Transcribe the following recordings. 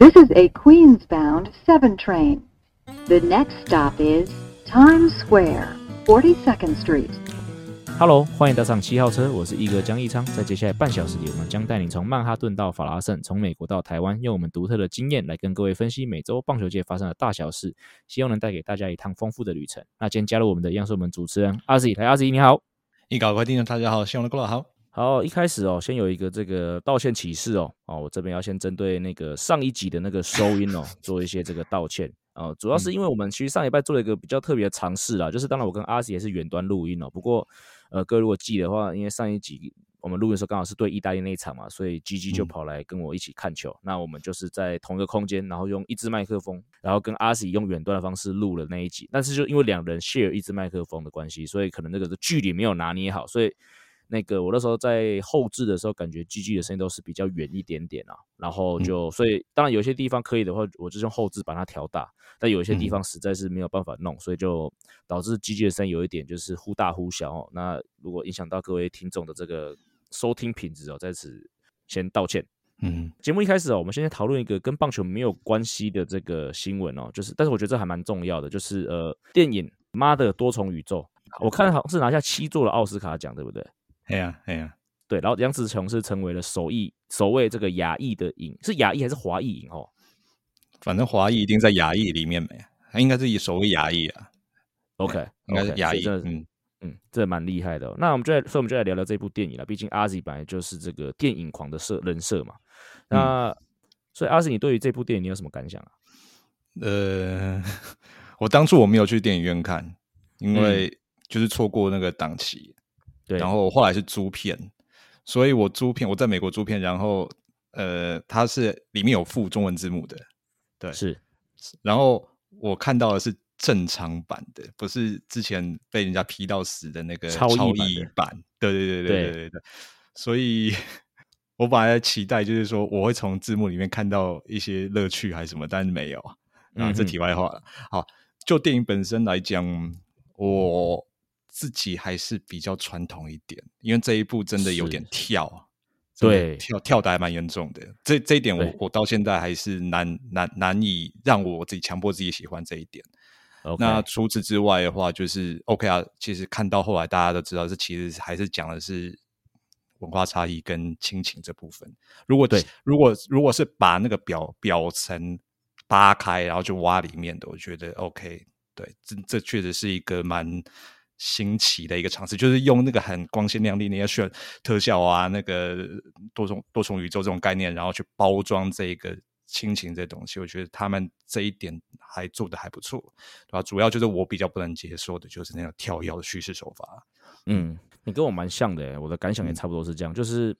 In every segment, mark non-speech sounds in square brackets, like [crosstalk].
This is a Queens bound seven train. The next stop is Times Square, Forty Second Street. Hello，歡迎搭上七號車，我是奕哥江奕昌，在接下來半小時裡，我們將帶你從曼哈頓到法拉盛，從美國到台灣，用我們獨特的經驗來跟各位分析美洲棒球界發生的大小事，希望能帶給大家一趟豐富的旅程。那今天加入我們的央視我們主持人阿 Z，來，阿 Z 你好，奕哥快定，大家好，希望各位好。好，一開始哦，先有一個這個道歉啟事哦，哦，我這邊要先針對那個上一集的那個收音哦， [laughs] 做一些這個道歉啊、哦，主要是因為我們其實上禮拜做了一個比較特別的嘗試啦，嗯、就是當然我跟阿喜也是遠端錄音哦，不過呃，各位如果記得的話，因為上一集我們錄音的時候剛好是對意大利那一場嘛，所以 GG 就跑來跟我一起看球，嗯、那我們就是在同一個空間，然後用一支麥克風，然後跟阿喜用遠端的方式錄了那一集，但是就因為兩人 share 一支麥克風的關係，所以可能那個距離沒有拿捏好，所以。那個我那時候在後製的時候，感覺 GG 的聲音都是比較遠一點點啊，然後就、嗯、所以當然有些地方可以的話，我就用後製把它調大，但有些地方實在是沒有辦法弄，嗯、所以就導致 GG 的聲音有一點就是忽大忽小、哦。那如果影響到各位聽眾的這個收聽品質哦，在此先道歉。嗯，節目一開始哦，我們現在討論一個跟棒球沒有關係的這個新聞哦，就是但是我覺得這還蠻重要的，就是呃電影媽的多重宇宙，吧我看好像是拿下七座的奧斯卡獎，對不對？嘿呀，嘿呀、啊，對,啊、對，然後楊紫瓊是成為了首位首位這個亞裔的影，是亞裔還是華裔影哦？反正華裔一定在亞裔裡面沒，他應該是以首位亞裔啊。OK，應該是亞裔，嗯嗯，這蠻厲害的、哦。那我們就來，所以我們就來聊聊這部電影了。畢竟阿 Z 本來就是這個電影狂的設人設嘛。那、嗯、所以阿 Z，你對於這部電影你有什麼感想啊？呃，我當初我沒有去電影院看，因為就是錯過那個檔期。嗯對然後我後來是租片，所以我租片，我在美國租片，然後呃，它是裡面有附中文字幕的，對，是。然後我看到的是正常版的，不是之前被人家批到死的那個超譯版，版對,對對對對對對對。對所以我本來期待就是說，我會從字幕裡面看到一些樂趣還是什麼，但是沒有啊，這題外話了。嗯、哼好，就電影本身來講，我。自己還是比較傳統一點，因為這一步真的有點跳，是是真的，對，跳跳的還蠻嚴重的。這這一點我，我對我到現在還是難難難以讓我自己強迫自己喜歡這一點。Okay. 那除此之外的話，就是 OK 啊。其實看到後來大家都知道，這其實還是講的是文化差異跟親情這部分。如果對，如果如果是把那個表表層扒開，然後就挖裡面的，我覺得 OK。對，這這確實是一個蠻。新奇的一個嘗試，就是用那個很光鮮亮麗那些特效啊，那個多重多重宇宙這種概念，然後去包裝這個親情這東西。我覺得他們這一點還做得還不錯，對吧？主要就是我比較不能接受的就是那種跳躍的敘事手法。嗯，你跟我蠻像的，我的感想也差不多是這樣，嗯、就是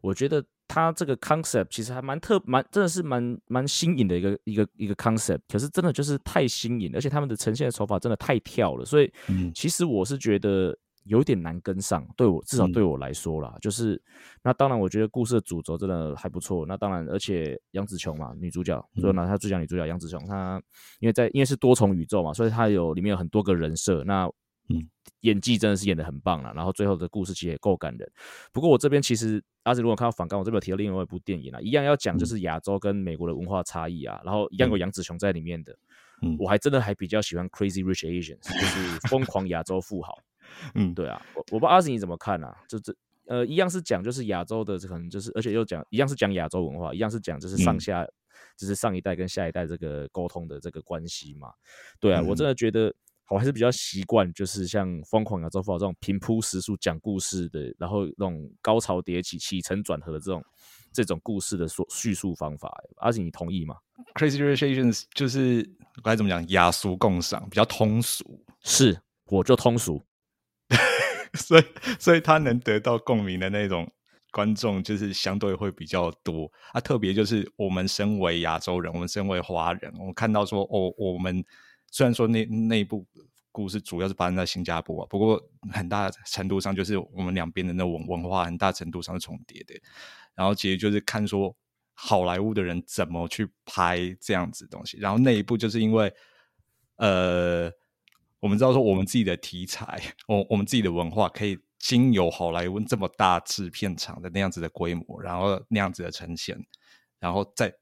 我覺得。它這個 concept 其實還蠻特，蠻真的是蠻蠻新穎的一個一個一個 concept，可是真的就是太新穎，而且他們的呈現的手法真的太跳了，所以，嗯，其實我是覺得有點難跟上，對我、嗯、至少對我來說啦，就是，那當然我覺得故事的主軸真的還不錯，那當然而且楊紫瓊嘛，女主角，嗯、所以呢她主角女主角楊紫瓊，她因為在因為是多重宇宙嘛，所以她有裡面有很多個人設，那。嗯，演技真的是演的很棒了、啊，然後最後的故事其實也夠感人。不過我這邊其實阿紫如果看到反觀，我這邊有提到另外一部電影啊，一樣要講就是亞洲跟美國的文化差異啊，嗯、然後一樣有楊紫瓊在裡面的，嗯、我還真的還比較喜歡《Crazy Rich Asians、嗯》，就是《瘋狂亞洲富豪》。 [laughs] 嗯，對啊，我我不知道阿紫你怎麼看啊？就這呃，一樣是講就是亞洲的可能就是，而且又講一樣是講亞洲文化，一樣是講就是上下，嗯、就是上一代跟下一代這個溝通的這個關係嘛？對啊，我真的覺得。嗯我還是比較習慣，就是像《瘋狂亞洲富豪》這種平鋪直述講故事的，然後那種高潮迭起，起、起承轉合的這種這種故事的說敘述方法。而、啊、錦，你同意嗎？Crazy Rich Asians 就是該怎麼講，雅俗共賞，比較通俗。是，我就通俗， [laughs] 所以所以他能得到共鳴的那種觀眾，就是相對會比較多。啊，特別就是我們身為亞洲人，我們身為華人，我們看到說，哦，我們。雖然說那，那一部故事主要是發生在新加坡啊，不過很大程度上就是我們兩邊的那文文化，很大程度上是重疊的。然後其實就是看說好萊塢的人怎麼去拍這樣子的東西。然後那一部就是因為，呃，我們知道說我們自己的題材，我我們自己的文化可以經由好萊塢這麼大製片廠的那樣子的規模，然後那樣子的呈現，然後再。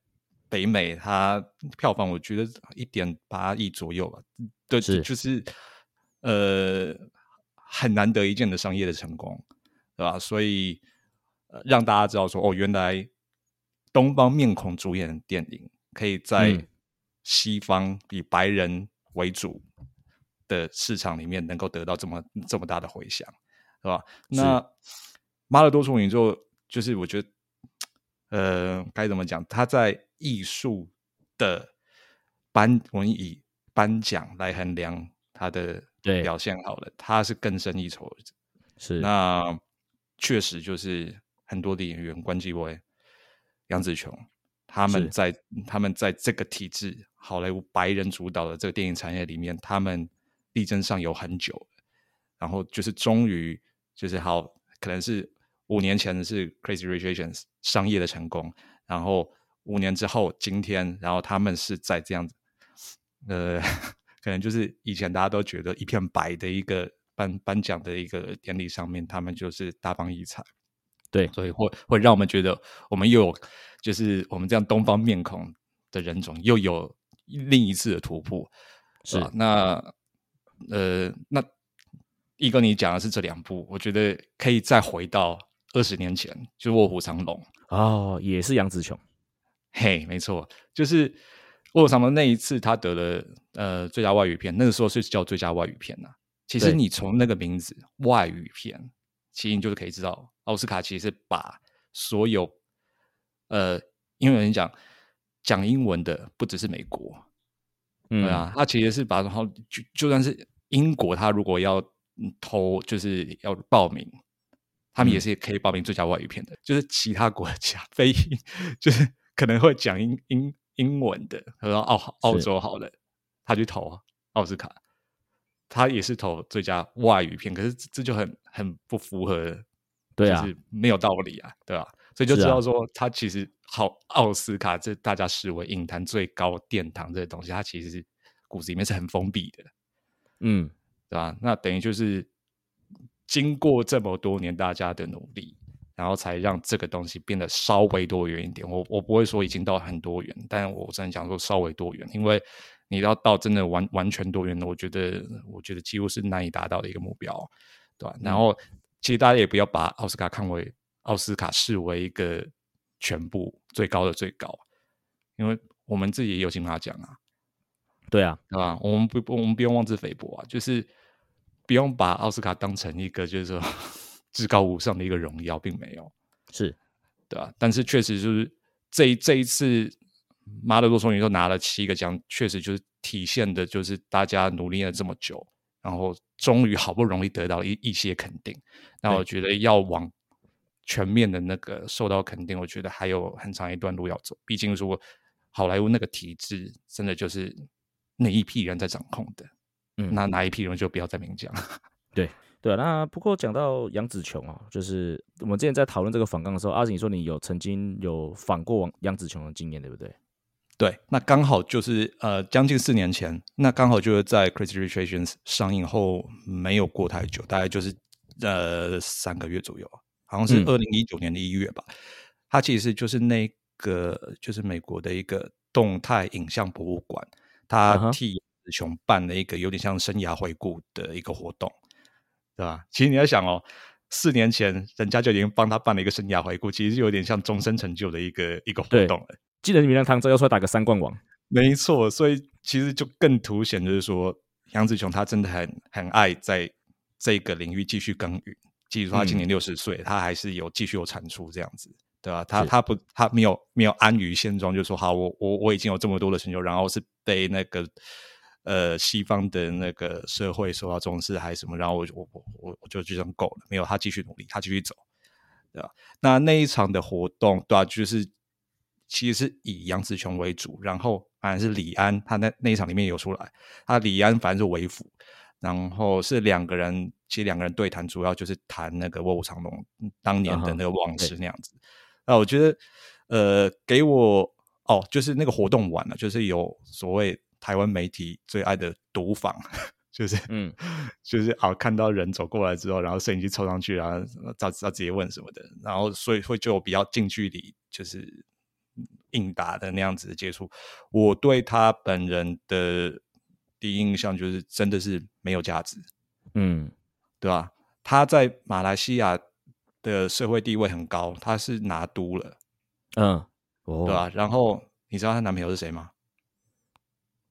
北美它票房我覺得一點八億左右吧，對是，對，就是呃很難得一見的商業的成功，對吧？所以讓大家知道說，哦，原來東方面孔主演的電影可以在西方以白人為主的市場裡面能夠得到這麼這麼大的回響，對是，是吧？那《媽的多重宇宙》就是我覺得呃該怎麼講，他在藝術的頒，文藝頒獎來衡量他的表現好了，對他是更勝一籌的。是，那確實就是很多的演員，關繼威、楊紫瓊，他們在是他們在這個體制、好萊塢白人主導的這個電影產業裡面，他們力爭上游很久，然後就是終於就是好，可能是五年前的是《Crazy Rich Asians 商業的成功，然後。五年之後，今天，然後他們是在這樣子，呃，可能就是以前大家都覺得一片白的一個頒頒獎的一個典禮上面，他們就是大放異彩。對，所以會會讓我們覺得，我們又有就是我們這樣東方面孔的人種又有另一次的突破。是、啊、那呃，那奕哥，你講的是這兩部，我覺得可以再回到二十年前，就《臥虎藏龍》哦，也是楊紫瓊。嘿，hey, 沒錯，就是我有想到那一次，他得了呃最佳外語片。那個時候是叫最佳外語片吶、啊。其實你從那個名字“對外語片”，其實你就是可以知道，奧斯卡其實是把所有呃，因為有人講講英文的不只是美國，嗯對啊，他其實是把然後就就算是英國，他如果要、嗯、投，就是要報名，他們也是也可以報名最佳外語片的，嗯、就是其他國家非英就是。可能會講英英英文的，他說澳澳洲好了，是他去投奧斯卡，他也是投最佳外語片，嗯、可是這就很很不符合，對啊、就是沒有道理啊，對吧、啊？所以就知道說，啊、他其實好奧斯卡這大家視為影壇最高的殿堂這東西，它其實是骨子裡面是很封閉的，嗯，對吧、啊？那等於就是經過這麼多年大家的努力。然後才讓這個東西變得稍微多元一點。我我不會說已經到很多元，但我真的想說稍微多元，因為你要到真的完完全多元的，我覺得我覺得幾乎是難以達到的一個目標，對吧，啊？嗯，然後其實大家也不要把奧斯卡看為奧斯卡視為一個全部最高的最高，因為我們自己也有金馬獎啊，對啊，對吧？我們不不我們不用妄自菲薄啊，就是不用把奧斯卡當成一個就是說。至高無上的一個榮耀，並沒有，是，對、啊，但是確實就是這一這一次，媽的多重宇宙也都拿了七個獎，確實就是體現的就是大家努力了這麼久，然後終於好不容易得到一一些肯定。那我覺得要往全面的那個受到肯定，對我覺得還有很長一段路要走。畢竟說好萊塢那個體制，真的就是那一批人在掌控的，嗯，那哪一批人就不要再明講了，對。對、啊，那不過講到楊紫瓊啊、哦，就是我們之前在討論這個訪綱的時候，阿、啊、錦說你有曾經有訪過楊紫瓊的經驗，對不對？對，那剛好就是呃將近四年前，那剛好就是在《Crazy Rich Asians》上映後沒有過太久，大概就是呃三個月左右，好像是二零一九年的一月吧。嗯、它，其實就是那個就是美國的一個動態影像博物館，它替楊紫瓊辦了一個有點像生涯回顧的一個活動。嗯對吧？其實你要想哦，四年前人家就已經幫他辦了一個生涯回顧，其實有點像終身成就的一個一個活動了。既能原諒唐澤，又說打個三冠王，沒錯。所以其實就更凸顯就是說，楊紫瓊他真的很很愛在這個領域繼續耕耘。即使他今年六十歲，嗯、他還是有繼續有產出這樣子，對吧？他是他不他沒有沒有安於現狀，就是、說好，我我我已經有這麼多的成就，然後是被那個。呃，西方的那個社會受到重視還是什麼？然後我我我我就，就這樣夠了，沒有他繼續努力，他繼續走，對吧？那那一場的活動，對吧、啊？就是其實是以楊紫瓊為主，然後反正是李安，他那那一場裡面有出來，他李安反正是為輔，然後是兩個人，其實兩個人對談，主要就是談那個臥虎藏龍當年的那個往事那樣子。Uh huh. 那我覺得，呃，給我哦，就是那個活動完了，就是有所謂。台灣媒體最愛的堵訪，就是嗯，就是好看到人走過來之後，然後攝影機湊上去，然後找找直接問什麼的，然後所以會就比較近距離就是應答的那樣子的接觸。我對他本人的第一印象就是真的是沒有價值，嗯，對吧、啊？他在馬來西亞的社會地位很高，他是拿督了，嗯，哦、對吧、啊？然後你知道她男朋友是誰嗎？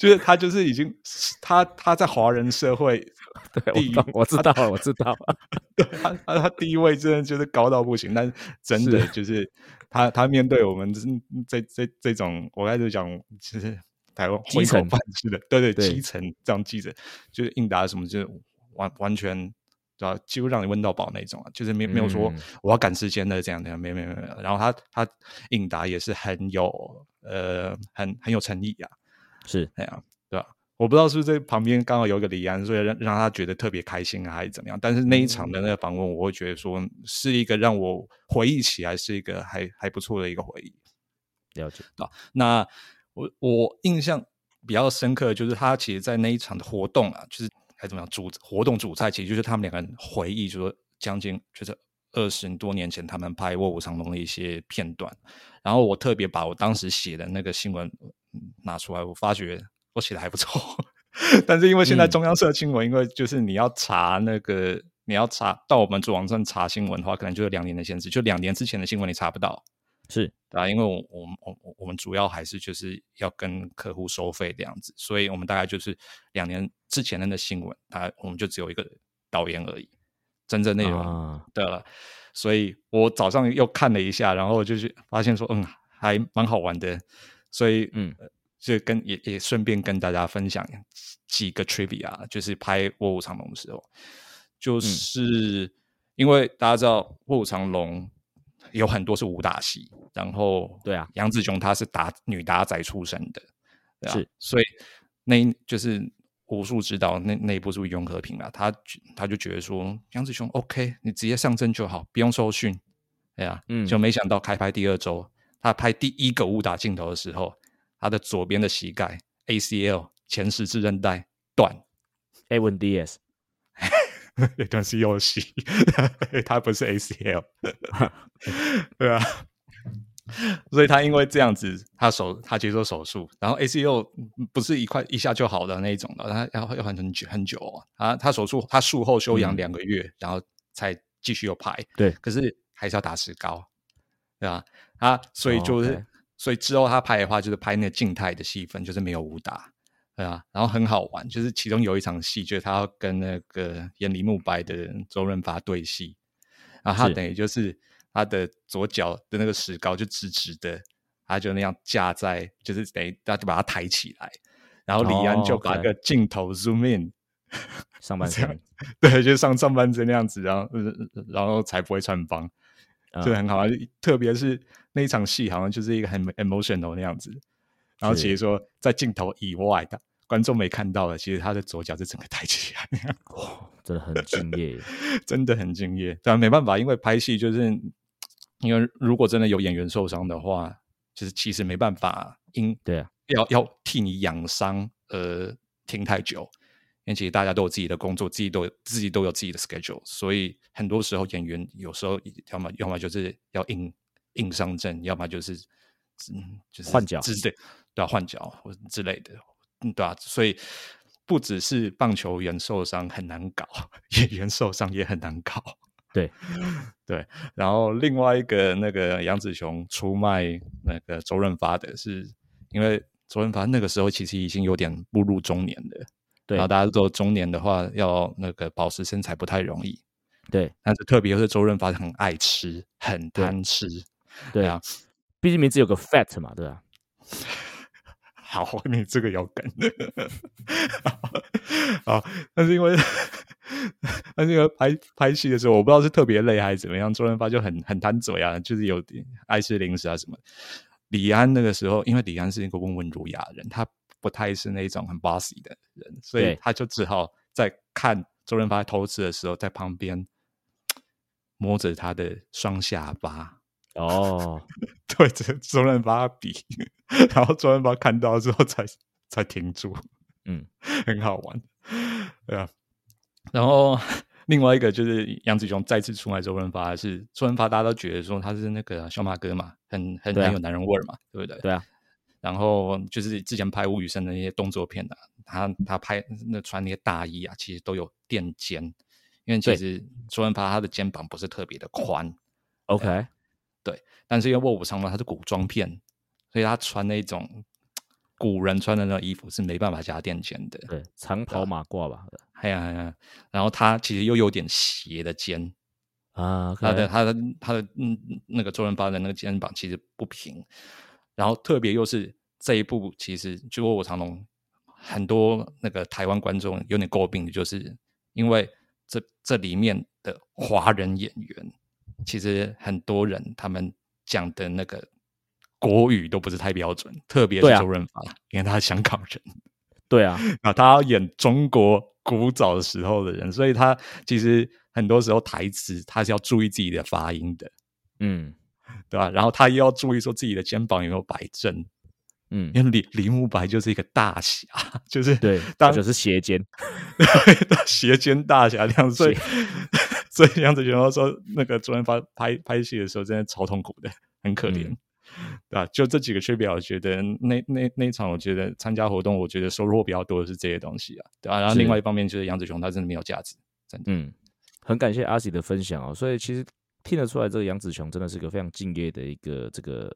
就是他，就是已經他他在華人社會，對，地位我知道了，我知道了。 [laughs] 他他他地位真的就是高到不行，但是真的就是,是他他面對我們這對這這,這種，我剛才就講，其實台灣混口飯吃的，對對，對基層這樣記者，就是應答什麼，就是完完全對吧、啊？幾乎讓你問到飽那種啊，就是沒、嗯、沒有說我要趕時間的這樣的，沒沒沒有。然後他他應答也是很有呃，很很有誠意啊。是這樣、啊，對吧、啊？我不知道是不是在旁邊剛好有一個李安，所以讓讓他覺得特別開心啊，還是怎麼樣？但是那一場的那個訪問，嗯、我會覺得說是一個讓我回憶起來，是一個還還不錯的一個回憶。了解，對、啊、那我我印象比較深刻的，就是他其實，在那一場的活動啊，就是還怎麼樣主活動主菜，其實就是他們兩個人回憶，就說將近，就是。二十多年前，他們拍《臥虎藏龍》的一些片段，然後我特別把我當時寫的那個新聞拿出來，我發覺我寫的還不錯。但是因為現在中央社新聞，嗯、因為就是你要查那個，你要查到我們主網站查新聞的話，可能就是兩年的限制，就兩年之前的新聞你查不到。是啊，因為我我們我我們主要還是就是要跟客戶收費這樣子，所以我們大概就是兩年之前的那新聞，它我們就只有一個導演而已。真正內容的，所以我早上又看了一下，然後就是發現說，嗯，還蠻好玩的。所以，嗯，就跟也也順便跟大家分享幾個 trivia，就是拍《臥虎藏龍》的時候，就是、嗯、因為大家知道《臥虎藏龍》有很多是武打戲，然後對啊，楊紫瓊他是打女打仔出身的，對啊、是，所以那就是。武術指導那那一部是袁和平了，他他就覺得說楊紫瓊 OK，你直接上陣就好，不用受訓。哎呀、啊，嗯，就沒想到開拍第二週，他拍第一個武打鏡頭的時候，他的左邊的膝蓋 ACL 前十字韌帶斷，A V D S，有東西要洗， [laughs] 他不是 ACL，對吧？ [laughs] 所以他因為這樣子，他手他接受手術，然後 A C 又不是一塊一下就好的那一種的，他要要換成很久，很久啊，他，他手術他術後休養兩個月，嗯、然後才繼續有拍，對，可是還是要打石膏，對啊，啊，所以就是，oh, okay. 所以之後他拍的話，就是拍那個靜態的戲份，就是沒有武打，對啊，然後很好玩，就是其中有一場戲，就是他要跟那個演李慕白的周潤發對戲，然後他等於就是。是他的左腳的那個石膏就直直的，他就那樣架在，就是等於他就把它抬起來，然後李安就把那個鏡頭 zoom in，、哦 okay. 樣上半身，對，就上上半身那樣子，然後然後才不會穿幫，啊、就很好玩。特別是那一場戲，好像就是一個很 emotional 那樣子。然後其實說在鏡頭以外的是觀眾沒看到的，其實他的左腳是整個抬起來樣哇，真的很敬業， [laughs] 真的很敬業。但、啊、沒辦法，因為拍戲就是。因為如果真的有演員受傷的話，就是其實沒辦法因，對啊，要要替你養傷而停太久，因為其實大家都有自己的工作，自己都有自己都有自己的 schedule，所以很多時候演員有時候要麼要麼就是要硬硬上陣，要麼就是嗯就是換角腳，對都要換角或之類的，對啊，所以不只是棒球員受傷很難搞，演員受傷也很難搞。對對，然後另外一個那個楊紫瓊出賣那個周潤發的是因為周潤發那個時候其實已經有點步入中年了，對，然後大家都說中年的話要那個保持身材不太容易，對，但是特別是周潤發很愛吃，很貪吃，對啊，對樣畢竟名字有個 fat 嘛，對吧？好，你這個有梗， [laughs] 好，那是因為那是因為拍拍戲的時候，我不知道是特別累還是怎麼樣。周潤發就很很貪嘴啊，就是有點愛吃零食啊什麼。李安那個時候，因為李安是一個溫文儒雅的人，他不太是那種很 bossy 的人，所以他就只好在看周潤發偷吃的時候，在旁邊摸着他的雙下巴。哦，oh. 對，周周潤發比，然後周潤發看到之後才才停住，嗯，很好玩，對啊。然後另外一個就是楊紫瓊再次出賣周潤發是，是周潤發大家都覺得說他是那個小馬哥嘛，很很男有男人味嘛，對，啊，對不對？對啊。然後就是之前拍吳宇森的那些動作片呢，啊，他他拍那穿那些大衣啊，其實都有墊肩，因為其實周潤發他的肩膀不是特別的寬對對，OK。對，但是因為臥虎藏龍它是古裝片，所以他穿那種古人穿的那種衣服是沒辦法加墊肩的，對，長袍馬褂吧，哎呀哎呀，對然後他其實又有點斜的肩啊、okay 他的，他的他的他的嗯那個周潤發的那個肩膀其實不平，然後特別又是這一部其實就《臥虎藏龍》很多那個台灣觀眾有點詬病的就是因為這這裡面的華人演員。其實很多人他們講的那個國語都不是太標準，特別是周潤發，啊、因為他是香港人。對啊，啊，他要演中國古早的時候的人，所以他其實很多時候台詞他是要注意自己的發音的，嗯，對吧、啊？然後他又要注意說自己的肩膀有沒有擺正，嗯，因為李李慕白就是一個大俠，就是對，或者是斜肩， [laughs] 斜肩大俠這樣。所以楊紫瓊他說，那個昨天發拍拍戲的時候，真的超痛苦的，很可憐，嗯、對、啊、就這幾個區別，我覺得那那那一場，我覺得參加活動，我覺得收入比較多的是這些東西啊，對啊，然後另外一方面，就是楊紫瓊他真的沒有價值，真的。嗯，很感謝阿喜的分享哦。所以其實聽得出來，這個楊紫瓊真的是一個非常敬業的一個這個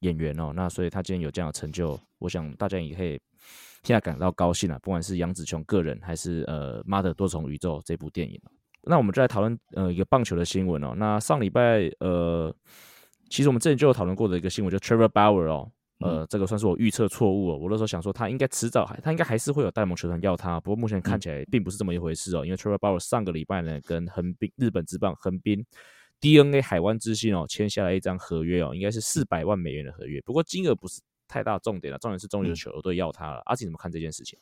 演員哦。那所以他今天有這樣的成就，我想大家也可以替他感到高興啊，不管是楊紫瓊個人，還是呃《媽的多重宇宙》這部電影。那我們就來討論呃一個棒球的新聞哦。那上禮拜呃，其實我們之前就有討論過的一個新聞，叫、就是、Trevor Bauer 哦。呃，嗯、這個算是我預測錯誤哦。我那時候想說他應該遲早還，他應該還是會有大聯盟球團要他。不過目前看起來並不是這麼一回事哦。嗯、因為 Trevor Bauer 上個禮拜呢，跟橫濱日本職棒橫濱 DNA 海灣之星哦簽下來一張合約哦，應該是四百萬美元的合約。不過金額不是太大，重點了，重點是終於有球隊要他了。阿吉、嗯啊、怎麼看這件事情？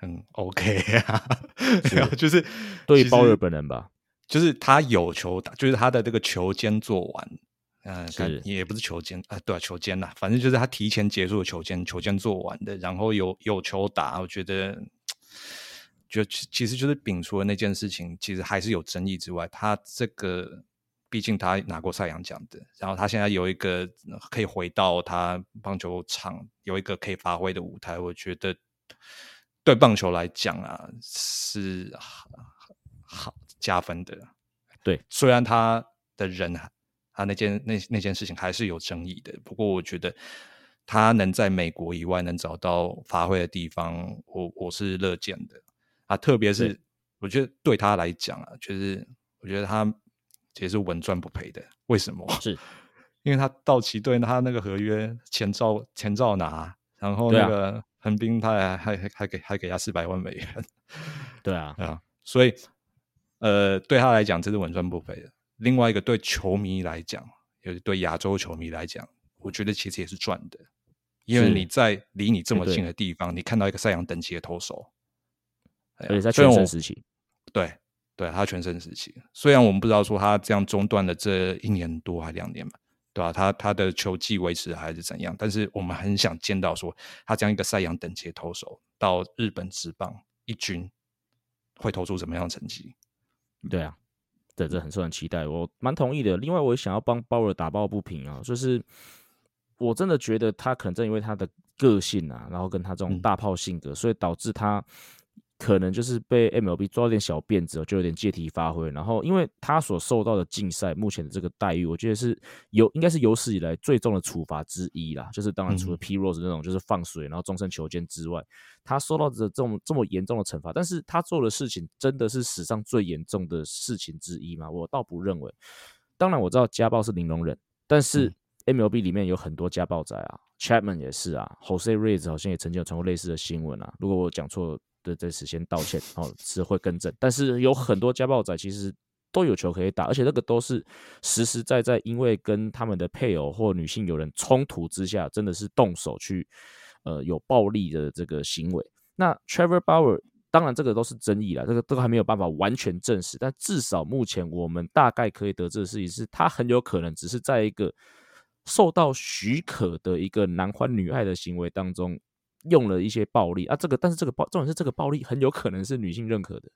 很、嗯、OK 啊，是就是對鮑爾本人吧，就是他有球打，就是他的這個球季做完嗯，呃、是也不是球季啊、呃，對啊，球季吶，反正就是他提前結束的球季，球季做完的，然後有有球打，我覺得，就其實就是摒除了那件事情，其實還是有爭議之外，他這個畢竟他拿過賽揚獎的，然後他現在有一個、呃、可以回到他棒球場，有一個可以發揮的舞台，我覺得。對棒球來講啊，是好，啊、加分的。對，雖然他的人，他那件那那件事情還是有爭議的，不過我覺得他能在美國以外能找到發揮的地方，我我是樂見的啊。特別是對我覺得對他來講啊，就是我覺得他其實是穩賺不賠的。為什麼？是因為他道奇隊，他那個合約錢照錢照拿，然後那個。橫濱他還還還給還給他四百萬美元， [laughs] 對啊，所以呃對他來講這是穩賺不賠的。另外一個對球迷來講，是對亞洲球迷來講，我覺得其實也是賺的，因為你在離你這麼近的地方，對對對你看到一個賽揚等級的投手，所、啊、在全盛時期，對對、啊，他全盛時期。雖然我們不知道說他這樣中斷了這一年多還兩年吧。對吧、啊？他他的球技維持還是怎樣？但是我們很想見到說，他這樣一個賽揚等級投手到日本職棒一軍，會投出什麼樣的成績？對啊，對，這很受人期待，我蠻同意的。另外，我也想要幫鮑爾打抱不平啊，就是我真的覺得他可能正因為他的個性啊，然後跟他這種大炮性格，嗯、所以導致他。可能就是被 MLB 抓到點小辮子、哦，就有點借題發揮。然後，因為他所受到的禁賽目前的這個待遇，我覺得是有應該是有史以來最重的處罰之一啦。就是當然除了 Pete Rose 那種就是放水，然後終身囚禁之外，他受到的這麼這麼嚴重的懲罰。但是，他做的事情真的是史上最嚴重的事情之一嗎？我倒不認為。當然，我知道家暴是零容忍，但是 MLB 裡面有很多家暴仔啊、嗯、，Chapman 也是啊，Jose Reyes 好像也曾經有傳過類似的新聞啊。如果我講錯。對，對，這次先道歉，哦，是會更正，但是有很多家暴仔其實都有球可以打，而且那個都是實實在在，因為跟他們的配偶或女性友人衝突之下，真的是動手去，呃，有暴力的這個行為。那 Trevor Bauer，當然這個都是爭議啦，這個都還沒有辦法完全證實，但至少目前我們大概可以得知的事情是，他很有可能只是在一個受到許可的一個男歡女愛的行為當中。用了一些暴力啊，這個但是這個暴重點是這個暴力很有可能是女性認可的，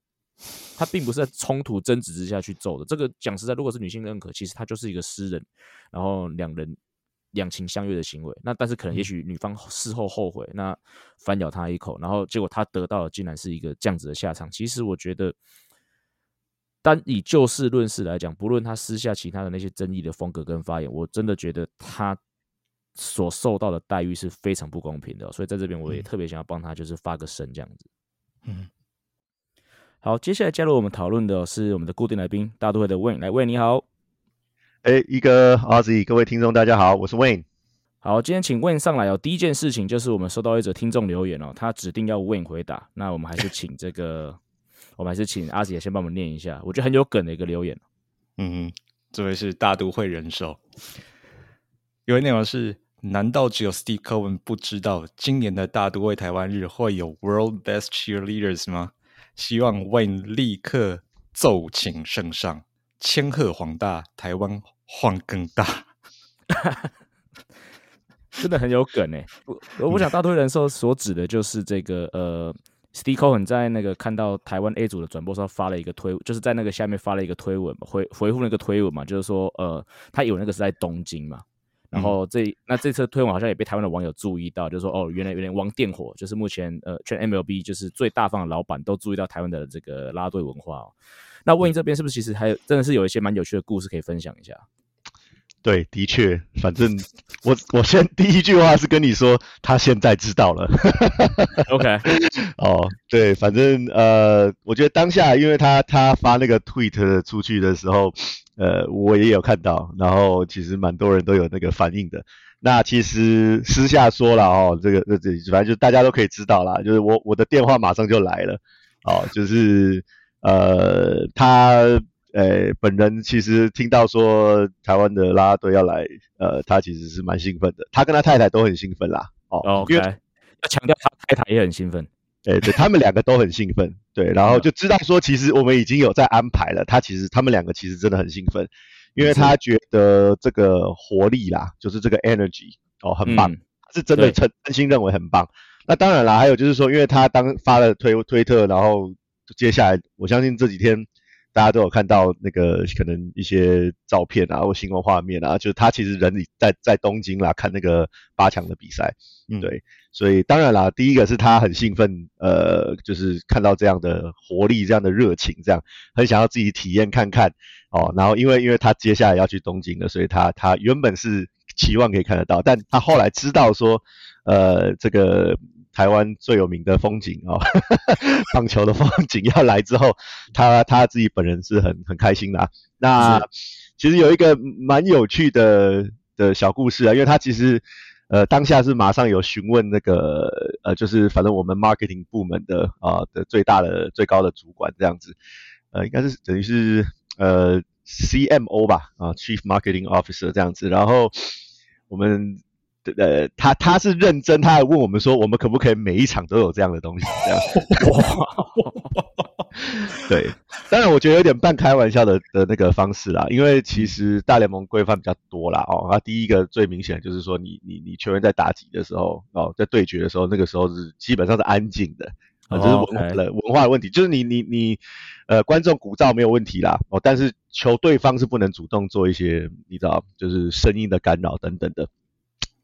她並不是在衝突爭執之下去揍的。這個講實在，如果是女性認可，其實她就是一個詩人，然後兩人兩情相悅的行為。那但是可能也許女方事後後悔，那反咬他一口，然後結果他得到的竟然是一個這樣子的下場。其實我覺得，單以就事論事來講，不論他私下其他的那些爭議的風格跟發言，我真的覺得他。所受到的待遇是非常不公平的。哦，所以在這邊我也特別想要幫他，就是發個聲這樣子。嗯，好，接下來加入我們討論的是我們的固定來賓大都會的 w i n 來 w n 你好。誒、欸，一哥，阿 Z，各位聽眾大家好，我是 Wayne。好，今天請 Wayne 上來哦。第一件事情就是我們收到一則聽眾留言哦，他指定要 Wayne 回答，那我們還是請這個， [laughs] 我們還是請阿 Z 先幫我們念一下，我覺得很有梗的一個留言。嗯哼，這位是大都會人壽，因為內容是。難道只有 Steve Cohen 不知道今年的大都會台灣日會有 World Best Cheerleaders 嗎？希望 Wayne 立刻奏請聖上，千鶴黃大，台灣換更大， [laughs] 真的很有梗哎、欸！我我想大多人說 [laughs] 所指的就是這個呃，Steve Cohen 在那個看到台灣 A 組的轉播時候發了一個推，就是在那個下面發了一個推文嘛，回回復那個推文嘛，就是說呃，他以為那個是在東京嘛。然後這那，這次推文好像也被台灣的網友注意到，就是說哦，原來有點王電火，就是目前呃，全 MLB 就是最大方的老闆都注意到台灣的這個拉拉隊文化哦。那問你這邊是不是其實還有真的是有一些蠻有趣的故事可以分享一下？對，的確，反正我我先第一句話是跟你說，他現在知道了。 [laughs] OK，哦，對，反正呃，我覺得當下因為他他發那個 tweet 出去的時候。呃，我也有看到，然後其實蠻多人都有那個反應的。那其實私下說了哦，這個呃這反正就大家都可以知道啦，就是我我的電話馬上就來了，哦，就是呃他呃、欸、本人其實聽到說台灣的啦啦隊要來，呃他其實是蠻興奮的，他跟他太太都很興奮啦，哦，Okay. 因為他要強調他太太也很興奮。 [laughs] 對對他們兩個都很興奮，對，然後就知道說，其實我們已經有在安排了。他其實他們兩個其實真的很興奮，因為他覺得這個活力啦，就是這個 energy 哦，很棒，嗯、是真的稱真對心認為很棒。那當然啦，還有就是說，因為他當發了推推特，然後接下來我相信這幾天。大家都有看到那個可能一些照片啊，或新聞畫面啊，就是他其實人在在東京啦，看那個八強的比賽，嗯，對，所以當然啦，第一個是他很興奮，呃，就是看到這樣的活力、這樣的熱情，這樣很想要自己體驗看看，哦，然後因為因為他接下來要去東京了，所以他他原本是期望可以看得到，但他後來知道說，呃，這個。台灣最有名的風景哦， [laughs] 棒球的風景要來之後，他他自己本人是很很開心的。啊。那其實有一個蠻有趣的的小故事啊，因為他其實呃當下是馬上有詢問那個呃就是反正我們 marketing 部門的啊、呃、的最大的最高的主管這樣子，呃應該是等於是呃 CMO 吧啊 Chief Marketing Officer 這樣子，然後我們。呃，他他是認真，他還問我們說，我們可不可以每一場都有這樣的東西？這樣，哇， [laughs] [laughs] 對，當然我覺得有點半開玩笑的的那個方式啦，因為其實大聯盟規範比較多啦。哦。那、啊、第一個最明顯的就是說你，你你你球員在打擊的時候哦，在對決的時候，那個時候是基本上是安靜的，呃、Okay. 就是文化文化的問題，就是你你你呃觀眾鼓噪沒有問題啦哦，但是球對方是不能主動做一些你知道就是聲音的干擾等等的。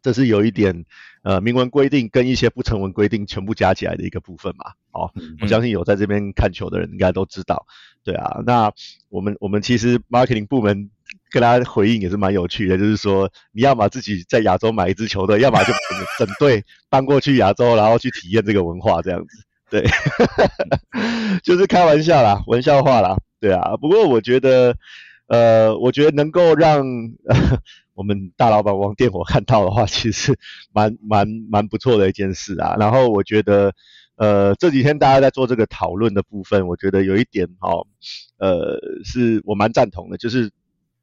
這是有一點，呃，明文規定跟一些不成文規定全部加起來的一個部分嘛。好、哦，我相信有在這邊看球的人應該都知道。對啊，那我們我們其實 marketing 部門跟他回應也是蠻有趣的，就是說你要麼自己在亞洲買一支球隊，要麼就整隊搬過去亞洲， [laughs] 然後去體驗這個文化這樣子。對， [laughs] 就是開玩笑啦，玩笑話啦。對啊，不過我覺得。呃，我覺得能夠讓呵呵我們大老板王電火看到的話，其實蠻蠻蠻，蠻不錯的一件事啊。然後我覺得，呃，這幾天大家在做這個討論的部分，我覺得有一點哦，呃，是我蠻贊同的，就是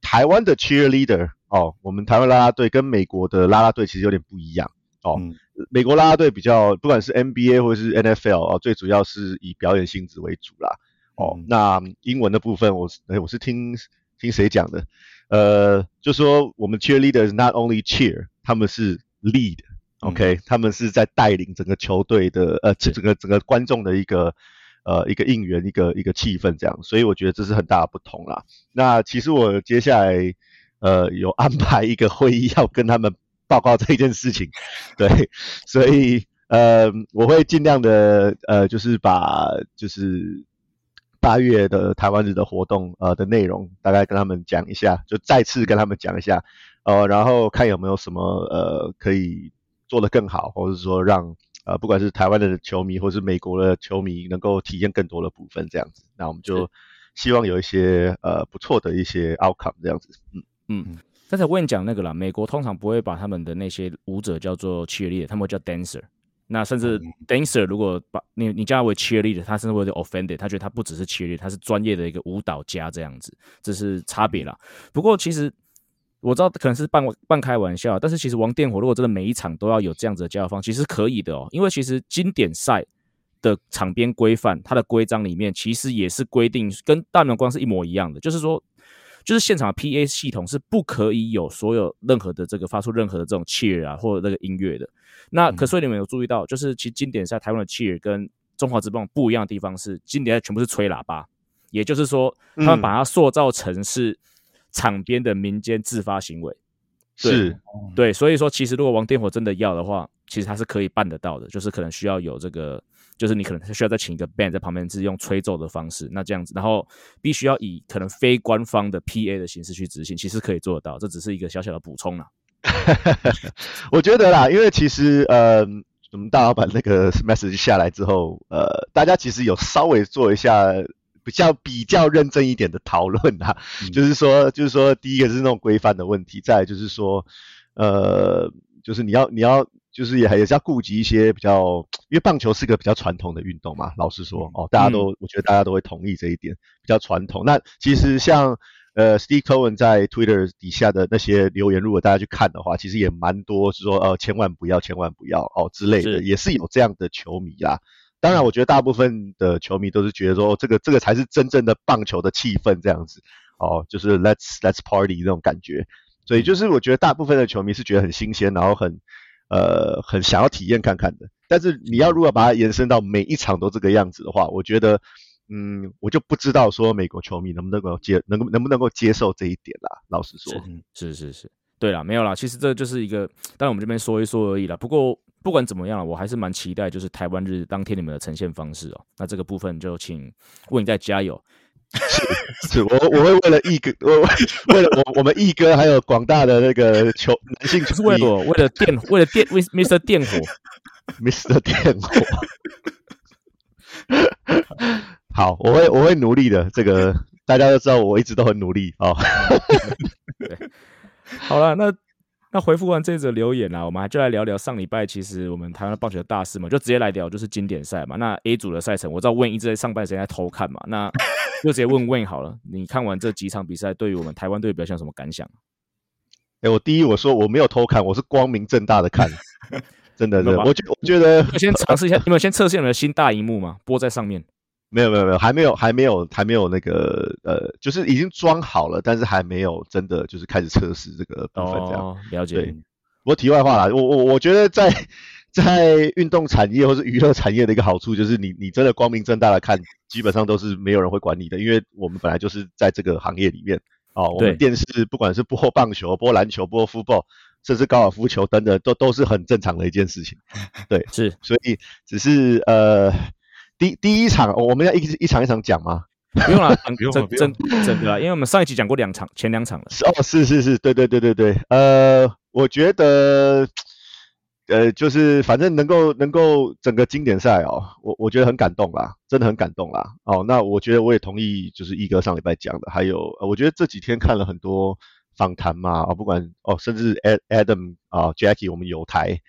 台灣的 cheerleader 哦，我們台灣拉拉隊跟美國的拉拉隊其實有點不一樣哦、嗯呃。美國拉拉隊比較，不管是 NBA 或是 NFL 哦，最主要是以表演性質為主啦。哦，嗯、那英文的部分，我哎、欸、我是聽。聽誰講的？呃，就說我們 cheerleaders not only cheer，他們是 lead，OK，okay? 嗯，他們是在帶領整個球隊的，呃，整個整個觀眾的一個，呃，一個應援，一個一個氣氛這樣。所以我覺得這是很大的不同啦。那其實我接下來，呃，有安排一個會議要跟他們報告這件事情， [laughs] 對，所以呃，我會盡量的，呃，就是把就是。八月的台灣日的活動，呃的內容大概跟他們講一下，就再次跟他們講一下，呃，然後看有沒有什麼呃可以做得更好，或者是說讓呃不管是台灣的球迷或是美國的球迷能夠體驗更多的部分，這樣子，那我們就希望有一些是呃不錯的一些 outcome 這樣子。嗯嗯，剛才我跟你講那個啦，美國通常不會把他們的那些舞者叫做 cheerleader，他們會叫 dancer。那甚至 dancer 如果把你你叫他為 cheerleader，他甚至會有點 offended，他覺得他不只是 cheerleader，他是專業的一個舞蹈家這樣子，這是差別啦。不過其實我知道可能是半半開玩笑，但是其實王電火如果真的每一場都要有這樣子的交友方其實可以的哦。因為其實經典賽的場邊規範，它的規章裡面其實也是規定跟大滿貫是一模一樣的，就是說。就是現場的 P A 系統是不可以有所有任何的這個發出任何的這種 cheer 啊，或者那個音樂的。那可是你們有注意到，就是其實經典賽台灣的 cheer 跟中華職棒不一樣的地方是，經典賽全部是吹喇叭，也就是說他們把它塑造成是場邊的民間自發行為。是，對，所以說其實如果王天火真的要的話，其實他是可以辦得到的，就是可能需要有這個。就是你可能需要再請一個 band 在旁邊，是用吹奏的方式，那這樣子，然後必須要以可能非官方的 PA 的形式去執行，其實可以做得到，這只是一個小小的補充啦。 [laughs] 我覺得啦，因為其實呃，我們大老板那個 message 下來之後，呃，大家其實有稍微做一下比較比較認真一點的討論啦，嗯、就是說，就是說，第一個是那種規範的問題，再來就是說，呃，就是你要你要。就是也還也是要顧及一些比較，因為棒球是個比較傳統的運動嘛。老實說，哦，大家都，嗯、我覺得大家都會同意這一點，比較傳統。那其實像呃，Steve Cohen 在 Twitter 底下的那些留言，如果大家去看的話，其實也蠻多，是說呃，千萬不要，千萬不要哦之類的，是也是有這樣的球迷啦。當然，我覺得大部分的球迷都是覺得說，哦、這個這個才是真正的棒球的氣氛，這樣子，哦，就是 Let's Let's Party 那種感覺。所以就是我覺得大部分的球迷是覺得很新鮮，然後很。呃，很想要體驗看看的，但是你要如果把它延伸到每一場都這個樣子的話，我覺得，嗯，我就不知道說美國球迷能不能夠接能夠能不能夠接受這一點啦。老實說是，是是是，對啦，沒有啦。其實這就是一個，當然我們這邊說一說而已啦。不過不管怎麼樣啦，我還是蠻期待，就是台灣日當天你們的呈現方式哦。那這個部分就請為你再加油。 [laughs] 是是，是，我我會為了奕哥，我為了我我們奕哥還有廣大的那個球男性球迷為，為了電，為了電為，Mr. 電火，Mr. 電火。好，我會我會努力的。這個大家都知道，我一直都很努力啊、哦。 [laughs] 對，好了，那。那回復完這則留言啦、啊，我們還就來聊聊上禮拜其實我們台灣棒球的大事嘛，就直接來聊就是經典賽嘛。那 A 組的賽程，我知道 Win 一直在上班時間偷看嘛，那就直接問 Win 好了， [laughs] 你看完這幾場比賽，對於我們台灣隊表現有什麼感想？哎、欸，我第一我說我沒有偷看，我是光明正大的看， [laughs] 真的是，真的，我覺我覺得先嘗試一下， [laughs] 你們先測試你們的新大熒幕嘛，播在上面。沒有沒有沒有，還沒有還沒有還沒有，還沒有那個呃，就是已經裝好了，但是還沒有真的就是開始測試這個部分這樣。哦，了解。不過題外話啦，我我我覺得在在運動產業或是娛樂產業的一個好處，就是你你真的光明正大的看，基本上都是沒有人會管你的，因為我們本來就是在這個行業裡面啊。哦，我們電視不管是播棒球、對播籃球、播，播 football，甚至高爾夫球，等等，都都是很正常的一件事情。對，是。所以只是呃。第一第一場，哦，我們要一一,一場一場講嗎？不用了 [laughs] 整整整個，因為我們上一集講過兩場，前兩場了。哦，是是是，對對對對對。呃，我覺得，呃，就是反正能夠能夠整個經典賽哦，我我覺得很感動啦，真的很感動啦。哦，那我覺得我也同意，就是奕哥上禮拜講的，還有、呃、我覺得這幾天看了很多訪談嘛，啊、哦，不管哦，甚至 Adam 啊、哦、Jackie 我們有台。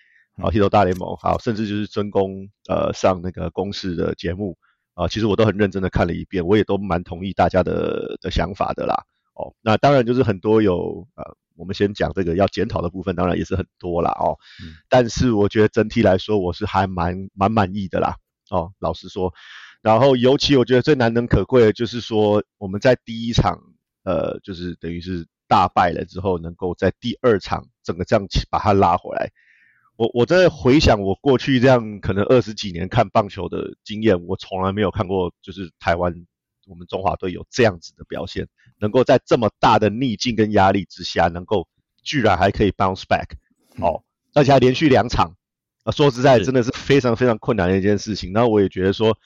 好，Hito 大聯盟，好，甚至就是曾公，呃上那個公視的節目啊、呃，其實我都很認真的看了一遍，我也都蠻同意大家的、的想法的啦。哦，那當然就是很多有呃，我們先講這個要檢討的部分，當然也是很多啦。哦、嗯、但是我覺得整體來說，我是還蠻蠻滿、滿意的啦。哦，老實說，然後尤其我覺得最難能可貴的就是說，我們在第一場呃，就是等於是大敗了之後，能夠在第二場整個這樣把它拉回來。我我在回想我過去這樣可能二十幾年看棒球的經驗，我從來沒有看過就是台灣我們中華隊有這樣子的表現，能夠在這麼大的逆境跟壓力之下，能夠居然還可以 bounce back，哦，而且還連續兩場，啊說實在真的是非常非常困難的一件事情。那我也覺得說，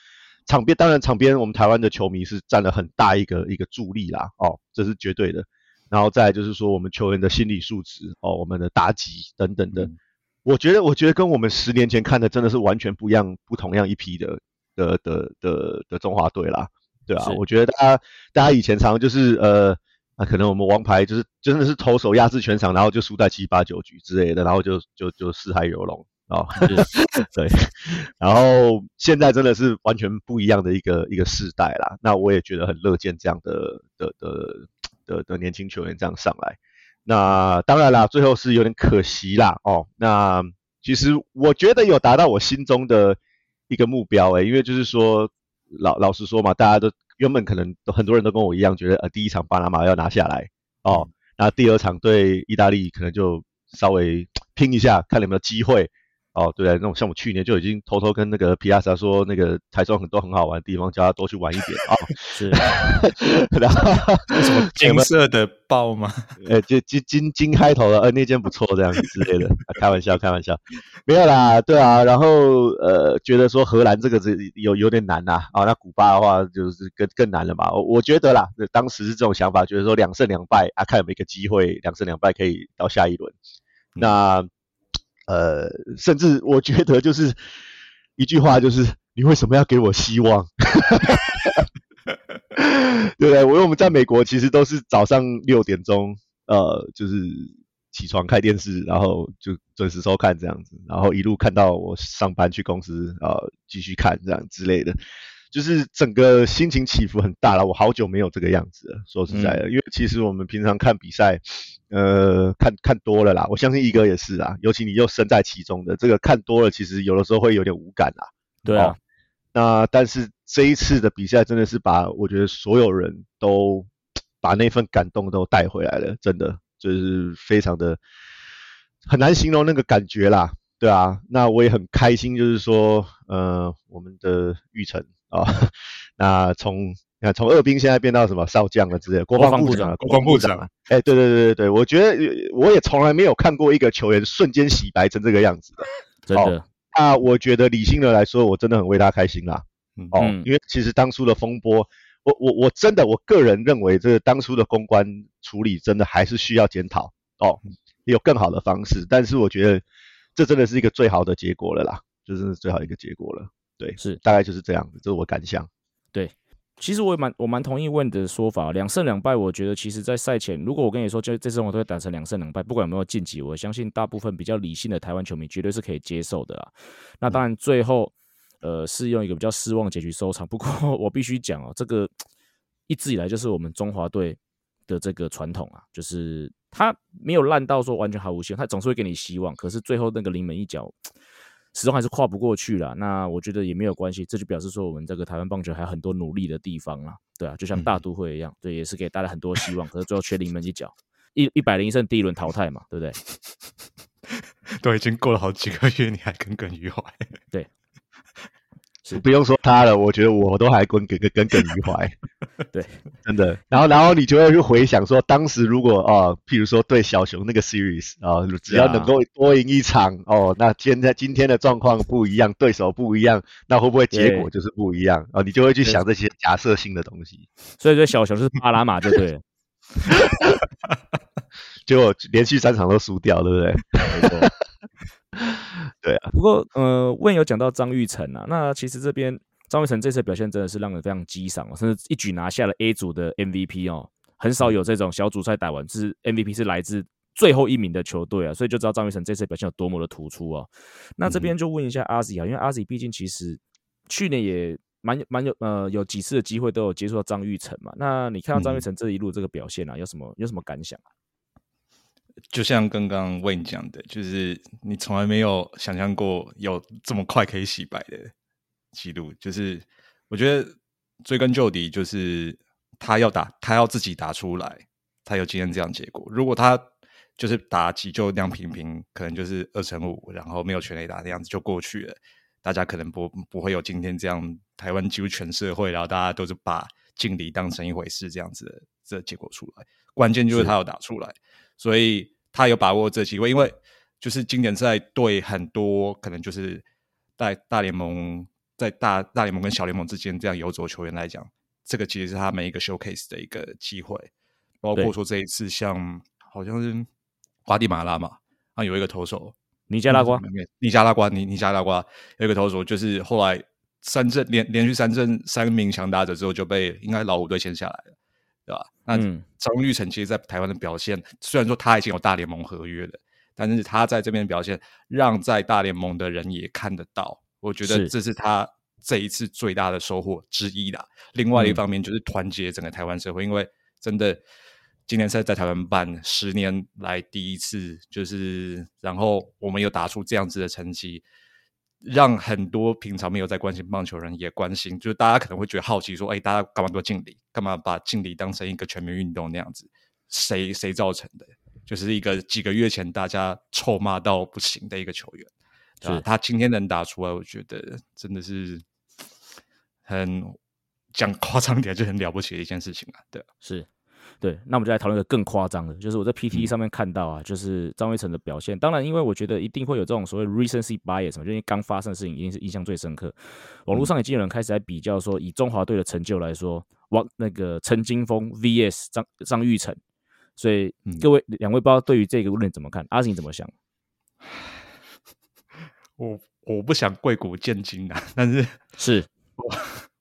場邊當然場邊我們台灣的球迷是占了很大一個一個助力啦，哦，這是絕對的。然後再來就是說我們球員的心理素質，哦，我們的打擊等等的。我覺得，我覺得跟我們十年前看的真的是完全不一樣，不同樣一批的的的的的，的中華隊啦，對啊，是我覺得大家大家以前常，常就是呃、啊，可能我們王牌就是就真的是投手壓制全場，然後就輸在七八九局之類的，然後就就就，就四海遊龍啊，哦、是 [laughs] 對。然後現在真的是完全不一樣的一個一個世代啦，那我也覺得很樂見這樣的的的的的，的年輕球員這樣上來。那當然啦，最後是有點可惜啦，哦，那其實我覺得有達到我心中的一個目標、欸，誒，因為就是說老老實說嘛，大家都原本可能很多人都跟我一樣，覺得呃第一場巴拿馬要拿下來，哦，那第二場對意大利可能就稍微拼一下，看有沒有機會。哦，對啊，那種像我去年就已經偷偷跟那個皮亞莎說，那個台中很多很好玩的地方，叫他多去玩一點啊。哦、 [laughs] 是， [laughs] 然後什麼金色的豹嗎？呃，就金金金開頭的，呃，那間不錯，這樣子之類的、啊，開玩笑，開玩笑，沒有啦，對啊，然後呃，覺得說荷蘭這個是有有點難吶、啊，啊、哦，那古巴的話就是更更難了嘛，我覺得啦，當時是這種想法，覺、就、得、是、說兩勝兩敗啊，看有沒有一個機會兩勝兩敗可以到下一輪，嗯、那。呃，甚至我覺得就是一句話，就是你為什麼要給我希望？ [laughs] [laughs] [laughs] 對不對？我因為我們在美國其實都是早上六點鐘，呃，就是起床開電視，然後就準時收看這樣子，然後一路看到我上班去公司啊，繼續看這樣之類的。就是整個心情起伏很大啦，我好久沒有這個樣子了。說實在的，嗯、因為其實我們平常看比賽，呃，看看多了啦。我相信奕哥也是啊，尤其你又身在其中的，這個看多了，其實有的時候會有點無感啦。對啊，啊，那但是這一次的比賽真的是把我覺得所有人都把那份感動都帶回來了，真的就是非常的很難形容那個感覺啦。對啊，那我也很開心，就是說，呃，我們的育成。啊、哦，那從你看從二兵現在變到什麼少將了之類的，國防部長、國防部長，哎，對、欸、對對對對，我覺得我也從來沒有看過一個球員瞬間洗白成這個樣子的，對。真的、哦。那我覺得理性的來說，我真的很為他開心啦。哦，嗯嗯，因為其實當初的風波，我我我真的我個人認為，這個當初的公關處理真的還是需要檢討哦，有更好的方式。但是我覺得這真的是一個最好的結果了啦，這、就、的是最好一個結果了。對，是大概就是這樣子，這是我的感想。對，其實我也蠻我蠻同意問的說法，兩勝兩敗，我覺得其實在賽前，如果我跟你說，這這次我都會打成兩勝兩敗，不管有沒有晉級，我相信大部分比較理性的台灣球迷絕對是可以接受的啊。那當然最後，嗯、呃，是用一個比較失望結局收場。不過我必須講哦，這個一直以來就是我們中華隊的這個傳統啊，就是他沒有爛到說完全毫無希望，他總是會給你希望。可是最後那個臨門一腳。始終還是跨不過去了，那我覺得也沒有關係，這就表示說我們這個台灣棒球還有很多努力的地方啦。對啊，就像大都會一樣，嗯、對，也是給大家很多希望， [laughs] 可是最後缺臨門一腳，一一百零一勝第一輪淘汰嘛，對不對？都已經過了好幾個月，你還耿耿於懷，對。是不用說他了，我覺得我都還耿耿耿耿於懷， [laughs] 對，真的。然後，然後你就會去回想說，當時如果啊、哦，譬如說對小熊那個 series 啊、哦，只要能夠多贏一場哦，那現在今天的狀況不一樣，對手不一樣，那會不會結果就是不一樣啊對、哦？你就會去想這些假設性的東西。所以說，小熊是巴拉瑪對不對？就連續三場都輸掉，對不對？ [laughs] [laughs] 對啊，不過呃，問有講到張育成啊，那其實這邊張育成這次表現真的是讓人非常激賞啊、哦，甚至一舉拿下了 A 組的 MVP 哦。很少有這種小組賽打完，是 MVP 是來自最後一名的球隊啊，所以就知道張育成這次表現有多麼的突出哦。那這邊就問一下阿 Z 啊，因為阿 Z 畢竟其實去年也蠻蠻有呃有幾次的機會都有接觸到張育成嘛，那你看到張育成這一路這個表現啊，嗯、有什麼有什麼感想、啊？就像剛剛問你講的，就是你從來沒有想象過有這麼快可以洗白的記錄。就是我覺得追根究底，就是他要打，他要自己打出來，他有今天這樣結果。如果他就是打擊就那樣平平， [laughs] 可能就是二成五，然後沒有全壘打那樣子就過去了。大家可能不不會有今天這樣台灣幾乎全社會，然後大家都是把敬禮當成一回事這樣子的這個、結果出來。關鍵就是他要打出來。所以他有把握這機會，因為就是今年在對很多可能就是在大，大聯盟在大大聯盟跟小聯盟之間這樣遊走球員來講，這個其實是他每一個 showcase 的一個機會。包括說這一次像對好像是瓜地馬拉嘛，啊有一個投手尼加拉瓜，尼加拉瓜，尼尼加拉瓜有一個投手，就是後來三振連連續三振三名強打者之後就被應該老虎隊簽下來了。對吧？那張育成其實，在台灣的表現，嗯、雖然說他已經有大聯盟合約了，但是他在這邊的表現，讓在大聯盟的人也看得到。我覺得這是他這一次最大的收穫之一啦是另外一方面，就是團結整個台灣社會，嗯、因為真的，今年在台灣辦，十年來第一次，就是然後我們有打出這樣子的成績。讓很多平常沒有在關心棒球人也關心，就是大家可能會覺得好奇說：“哎、欸，大家幹嘛都敬禮？幹嘛把敬禮當成一個全民運動那樣子？誰誰造成的？就是一個幾個月前大家臭罵到不行的一個球員，是啊，他今天能打出來，我覺得真的是很講誇張點就很了不起的一件事情啊！對，是。”對，那我們就來討論一個更誇張的，就是我在 PTT 上面看到啊，嗯、就是張育成的表現當然，因為我覺得一定會有這種所謂 recency bias 嘛，就因為剛發生的事情，一定是印象最深刻。網絡上已經有人開始在比較說，以中華隊的成就來說，哇那個陳金鋒 VS 張張育成。所以各位、嗯、兩位，不知道對於這個論點怎麼看？阿信怎麼想？我我不想貴古賤今啊，但是是。我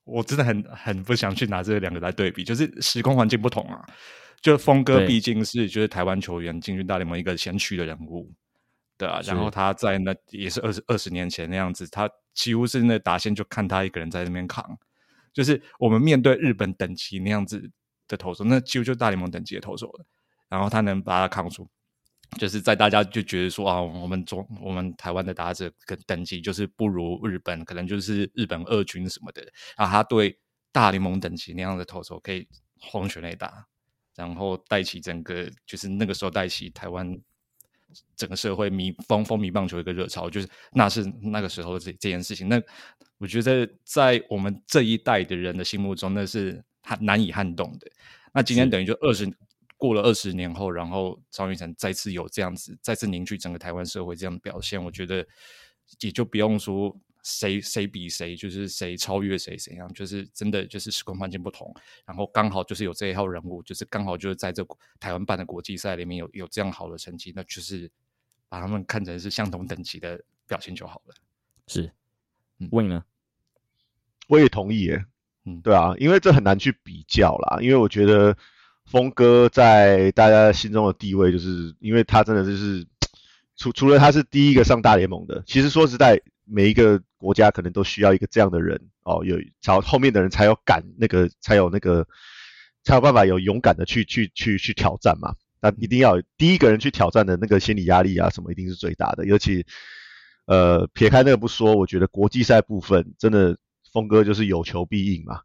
我真的很很不想去拿這兩個來對比，就是時空環境不同啊。就峰哥畢竟是就是台灣球員進軍大聯盟一個先驅的人物，對,對啊，然後他在那也是二十二十年前那樣子，他幾乎是那打線就看他一個人在那邊扛，就是我們面對日本等級那樣子的投手，那幾乎就是大聯盟等級的投手，然後他能把他扛住。就是在大家就覺得說啊，我們中我們台灣的打者跟等級就是不如日本，可能就是日本二軍什麼的。然後，啊，他對大聯盟等級那樣的投手可以轟全壘打，然後帶起整個就是那個時候帶起台灣整個社會迷風風迷棒球一個熱潮，就是那是那個時候這這件事情。那我覺得在我們這一代的人的心目中，那是很難以撼動的。那今天等於就二十。過了二十年後，然後張育成再次有這樣子，再次凝聚整個台灣社會這樣的表現，我覺得也就不用說誰誰比誰，就是誰超越誰，誰樣，就是真的就是時空環境不同，然後剛好就是有這一號人物，就是剛好就是在這台灣辦的國際賽裡面有有這樣好的成績，那就是把他們看成是相同等級的表現就好了。是，問你呢？嗯、我也同意耶。嗯，對啊，因為這很難去比較啦，因為我覺得。峰哥在大家心中的地位，就是因為他真的就是，除除了他是第一個上大聯盟的，其實說實在，每一個國家可能都需要一個這樣的人哦，有朝後面的人才有敢那個才有那個才有辦法有勇敢的去去去去挑戰嘛，但一定要有第一個人去挑戰的那個心理壓力啊什麼，一定是最大的。尤其，呃，撇開那個不說，我覺得國際賽部分真的，峰哥就是有求必應嘛，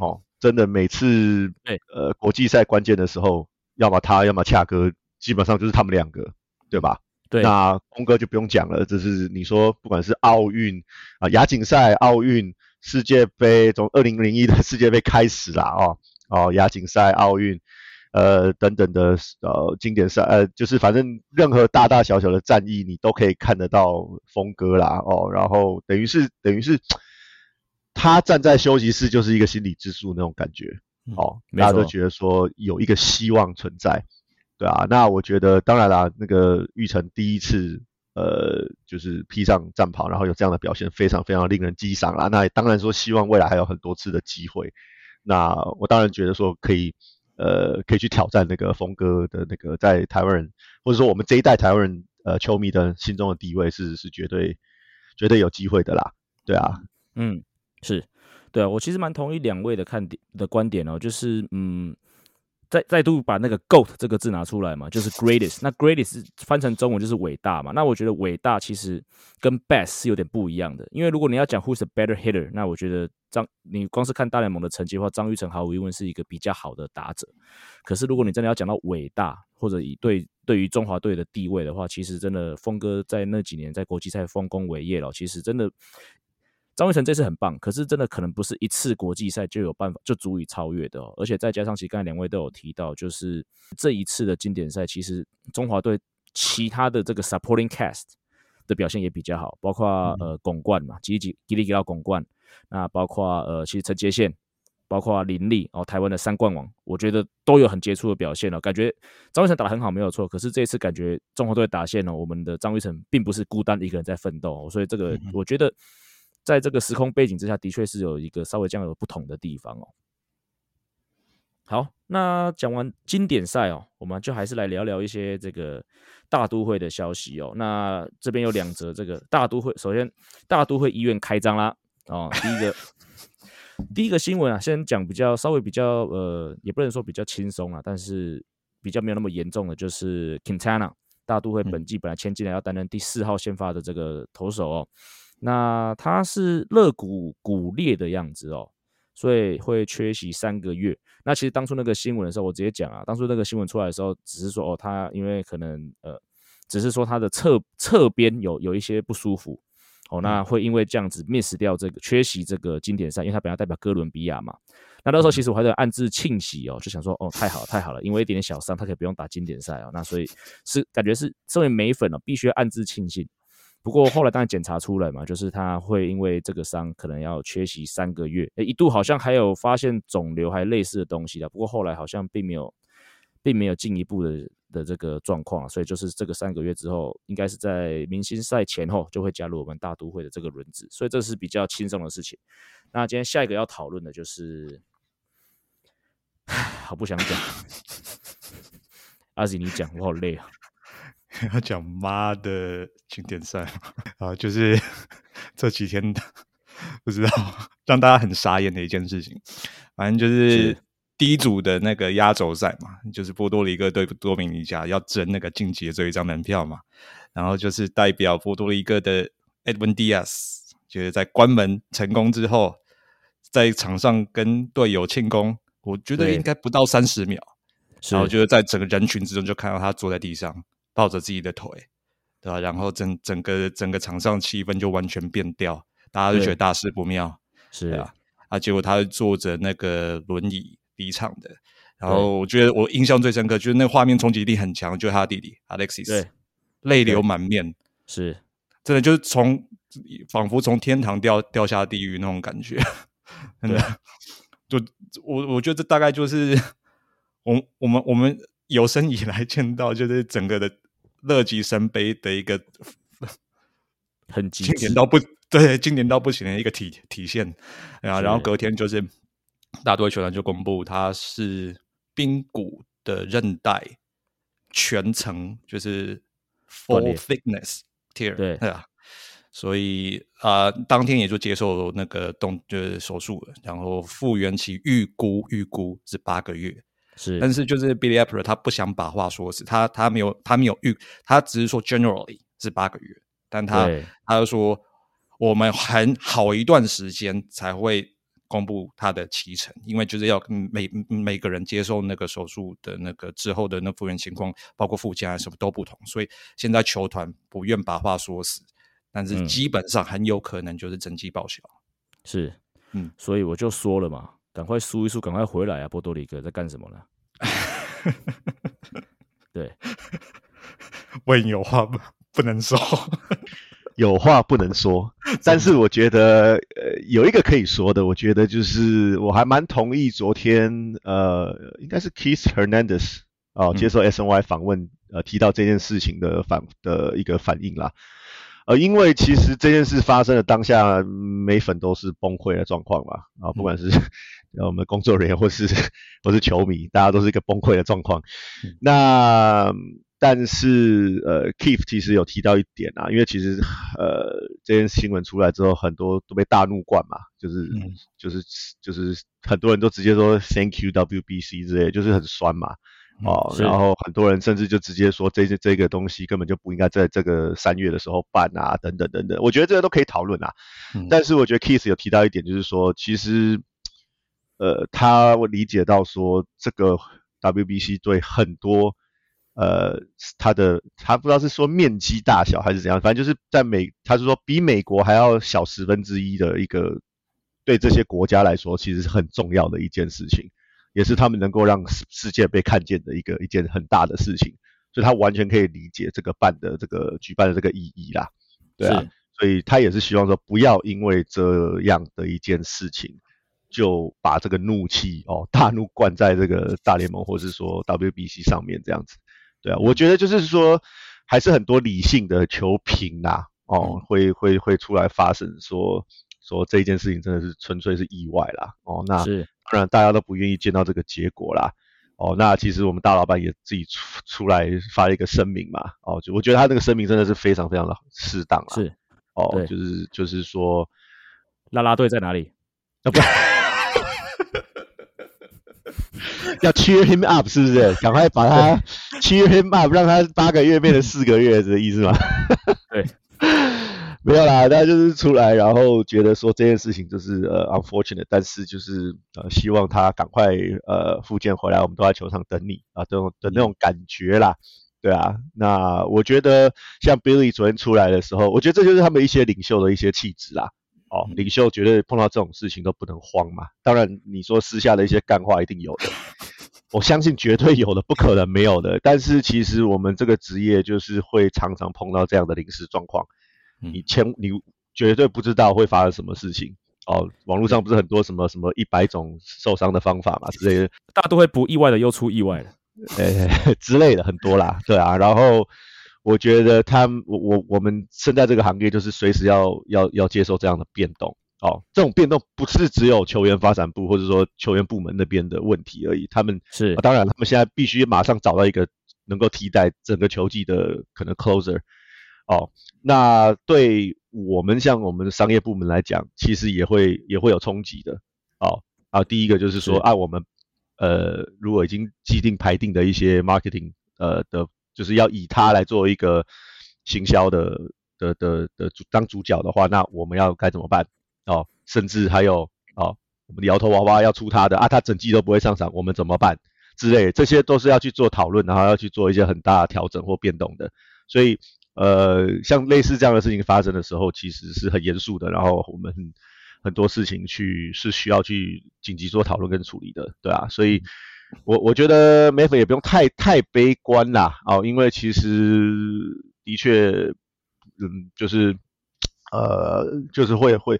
哦。嗯真的每次，呃，國際賽關鍵的時候，對要麼他，要麼恰哥，基本上就是他們兩個，對吧？對，那峰哥就不用講了，就是你說不管是奧運啊、亞錦賽、奧運、世界杯，從二零零一的世界杯開始啦，啊、哦，哦，亞錦賽、奧運，呃，等等的呃經典賽，呃，就是反正任何大大小小的戰役，你都可以看得到峰哥啦，哦，然後等於是等於是。他站在休息室，就是一個心理支柱那種感覺，哦，大家都覺得說有一個希望存在，對啊，那我覺得當然啦，那個玉成第一次呃就是披上戰袍，然後有這樣的表現，非常非常令人激賞啦。那當然說希望未來還有很多次的機會，那我當然覺得說可以呃可以去挑戰那個鋒哥的那個在台灣人或者說我們這一代台灣人呃球迷的心中的地位，是是絕對絕對有機會的啦，對啊，嗯。是，對啊，我其實蠻同意兩位的看點的觀點哦，就是嗯，再再度把那個 “goat” 這個字拿出來嘛，就是 “greatest”。那 “greatest” 翻成中文就是“偉大”嘛。那我覺得“偉大”其實跟 “best” 是有點不一樣的，因為如果你要講 “who's a better hitter”，那我覺得張你光是看大聯盟的成績的話，張育成毫無疑問是一個比較好的打者。可是如果你真的要講到偉大，或者以對對於中華隊的地位的話，其實真的鋒哥在那幾年在國際賽豐功偉業了，其實真的。張維成這次很棒，可是真的可能不是一次國際賽就有辦法就足以超越的，哦，而且再加上，其實剛才兩位都有提到，就是這一次的經典賽，其實中華隊其他的這個 supporting cast 的表現也比較好，包括、嗯、呃鞏冠嘛，吉利吉吉力吉撈鞏冠，那包括呃其實陳傑憲，包括林立哦，台灣的三冠王，我覺得都有很傑出的表現了，哦。感覺張維成打得很好，沒有錯，可是這一次感覺中華隊打線呢，哦，我們的張維成並不是孤單一個人在奮鬥，哦，所以這個我覺得。嗯在這個時空背景之下，的確是有一個稍微這樣有不同的地方哦。好，那講完經典賽哦，我們就還是來聊聊一些這個大都會的消息哦。那這邊有兩則這個大都會，首先大都會醫院開張啦哦，第一個 [laughs] 第一個新聞啊，先講比較稍微比較呃，也不能說比較輕鬆啊，但是比較沒有那麼嚴重的，就是 Quintana 大都會本季本來簽進來要擔任第四號先發的這個投手哦。那他是肋骨骨裂的樣子哦，所以會缺席三個月。那其實當初那個新聞的時候，我直接講啊，當初那個新聞出來的時候，只是說哦，他因為可能呃，只是說他的側側邊有有一些不舒服哦，嗯、那會因為這樣子 miss 掉這個缺席這個經典賽，因為他本來要代表哥倫比亞嘛。那那時候其實我還在暗自慶幸哦，就想說哦，太好了太好了，因為一點點小傷，他可以不用打經典賽哦，那所以是感覺是身為美粉哦，必須暗自慶幸。不過後來當然檢查出來嘛，就是他會因為這個傷可能要缺席三個月。哎，一度好像還有發現腫瘤還類似的東西的，不過後來好像並沒有，並沒有進一步的的這個狀況啊，所以就是這個三個月之後，應該是在明星賽前後就會加入我們大都會的這個輪值。所以這是比較輕鬆的事情。那今天下一個要討論的就是，好不想講，阿紫你講，我好累啊。他講媽的經典賽啊，就是這幾天不知道讓大家很傻眼的一件事情。反正就是 D 組的那個壓軸賽嘛，是就是波多黎各對多米尼加要爭那個晉級的這一張門票嘛。然後就是代表波多黎各的 Edwin Diaz，就是在關門成功之後，在場上跟隊友慶功，我覺得應該不到三十秒，對然後就是在整個人群之中就看到他坐在地上。抱着自己的腿，對吧、啊？然後整整個整個場上氣氛就完全變掉，大家就覺得大事不妙，是對啊，是啊，結果他是坐着那個輪椅離場的。然後我覺得我印象最深刻，就是那畫面衝擊力很強，就是他弟弟 Alexis 對淚流滿面，是對真的，就是從仿佛從天堂掉掉下地獄那種感覺。真的對， [laughs] 就我我覺得這大概就是我我們我們有生以來見到，就是整個的。樂極生悲的一個，很經典到不，對，經典到不行的一個體體現啊。然後隔天就是，大都會球員就公布他是髕骨的韌帶全程就是 full thickness tear 對啊對、嗯，所以啊、呃，當天也就接受那個動就是手術，然後復原期預估預估是八個月。是，但是就是 Billy Apple 他不想把話說死，他他沒有他沒有預，他只是說 generally 是八個月，但他對他就說我們很好一段時間才會公布他的期程，因為就是要每每個人接受那個手術的那個之後的那復原情況，包括附啊什麼都不同，所以現在球團不願把話說死，但是基本上很有可能就是整季報銷，嗯嗯、是，嗯，所以我就說了嘛。趕快輸一輸，趕快回來啊！波多黎各在幹什麼呢？ [laughs] 對，我有話不，不能說， [laughs] 有話不能說。但是我覺得，呃，有一個可以說的，我覺得就是我還蠻同意昨天呃，應該是 Keith Hernandez 啊、呃，嗯、接受 S N Y 訪問呃，提到這件事情的反的一個反應啦。呃，因為其實這件事發生的當下，每粉都是崩潰的狀況嘛，啊，不管是、嗯、我們工作人員或是或是球迷，大家都是一個崩潰的狀況。嗯、那但是呃，Keith 其實有提到一點啊，因為其實呃，這件新聞出來之後，很多都被大怒灌，嘛，就是、嗯、就是就是很多人都直接說 Thank you WBC 之類的，就是很酸嘛。哦，是然後很多人甚至就直接說這，這這這個東西根本就不應該在這個三月的時候辦啊，等等等等。我覺得這個都可以討論啊。嗯，但是我覺得 Kiss 有提到一點，就是說，其實，呃，他理解到說，這個 WBC 對很多，呃，他的他不知道是說面積大小還是怎樣，反正就是在美，他是說比美國還要小十分之一的一個，對這些國家來說，其實是很重要的一件事情。也是他們能夠讓世世界被看見的一個一件很大的事情，所以他完全可以理解這個辦的這個舉辦的這個意義啦。對啊，是所以他也是希望說，不要因為這樣的一件事情，就把這個怒氣哦，大怒灌在這個大聯盟或是說 WBC 上面這樣子。對啊，我覺得就是說，還是很多理性的球評啦，哦，嗯、會會會出來發聲說，說這一件事情真的是純粹是意外啦。哦，那不然，大家都不願意見到這個結果啦。哦，那其實我們大老板也自己出出來發了一個聲明嘛。哦，就我覺得他那個聲明真的是非常非常的適當啊。是，哦，對就是就是說，啦啦隊在哪裡？要、哦、不？要 cheer him up，是不是？趕快把他 [laughs] cheer him up，讓他八個月變成四個月，這個 [laughs] 意思嗎？ [laughs] 不要啦，大家就是出來，然後覺得說這件事情就是呃 unfortunate，但是就是呃希望他趕快呃復健回來，我們都在球場等你啊，這種的那種感覺啦，對啊。那我覺得像 Billy 昨天出來的時候，我覺得這就是他們一些領袖的一些氣質啦。哦，領袖絕對碰到這種事情都不能慌嘛。當然你說私下的一些幹話一定有的，我相信絕對有的，不可能沒有的。但是其實我們這個職業就是會常常碰到這樣的臨時狀況。你千，你絕對不知道會發生什麼事情哦。網絡上不是很多什麼什麼一百種受傷的方法嘛之類的，大都會不意外的又出意外的，呃、嗯哎哎、之類的很多啦， [laughs] 對啊。然後我覺得他我我我們現在這個行業就是隨時要要要接受這樣的變動哦。這種變動不是只有球員發展部或者說球員部門那邊的問題而已，他們是、哦、當然他們現在必須馬上找到一個能夠替代整個球季的可能 closer。哦，那對我們像我們商業部門來講，其實也會也會有衝擊的。哦啊，第一個就是說是啊，我們呃，如果已經既定排定的一些 marketing 呃的，就是要以它來做一個行銷的的的的的主當主角的話，那我們要該怎麼辦？哦，甚至還有哦，我們的搖頭娃娃要出它的啊，它整季都不會上場，我們怎麼辦？之類，這些都是要去做討論，然後要去做一些很大的調整或變動的，所以。呃，像類似這樣的事情發生的時候，其實是很嚴肅的。然後我們很多事情去是需要去緊急做討論跟處理的，對啊。所以，我我覺得美粉也不用太太悲觀啦，啊、哦，因為其實的確，嗯，就是呃，就是會會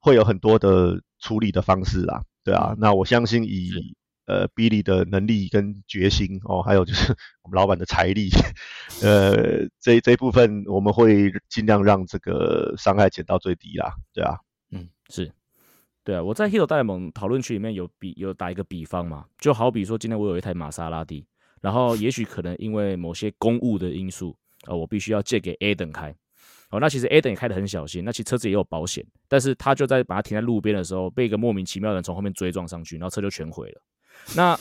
會有很多的處理的方式啦，對啊。那我相信以呃，比利的能力跟決心哦，還有就是我們老闆的財力，呃，這一這一部分我們會盡量讓這個傷害減到最低啦，對啊，嗯，是對啊。我在 Hill 戴蒙討論區裡面有比有打一個比方嘛，就好比說今天我有一台瑪莎拉蒂，然後也許可能因為某些公務的因素， [laughs] 呃，我必須要借給 Aiden 開，哦，那其實 Aiden 也開得很小心，那其實車子也有保險，但是他就在把它停在路邊的時候，被一個莫名其妙的人從後面追撞上去，然後車就全毀了。那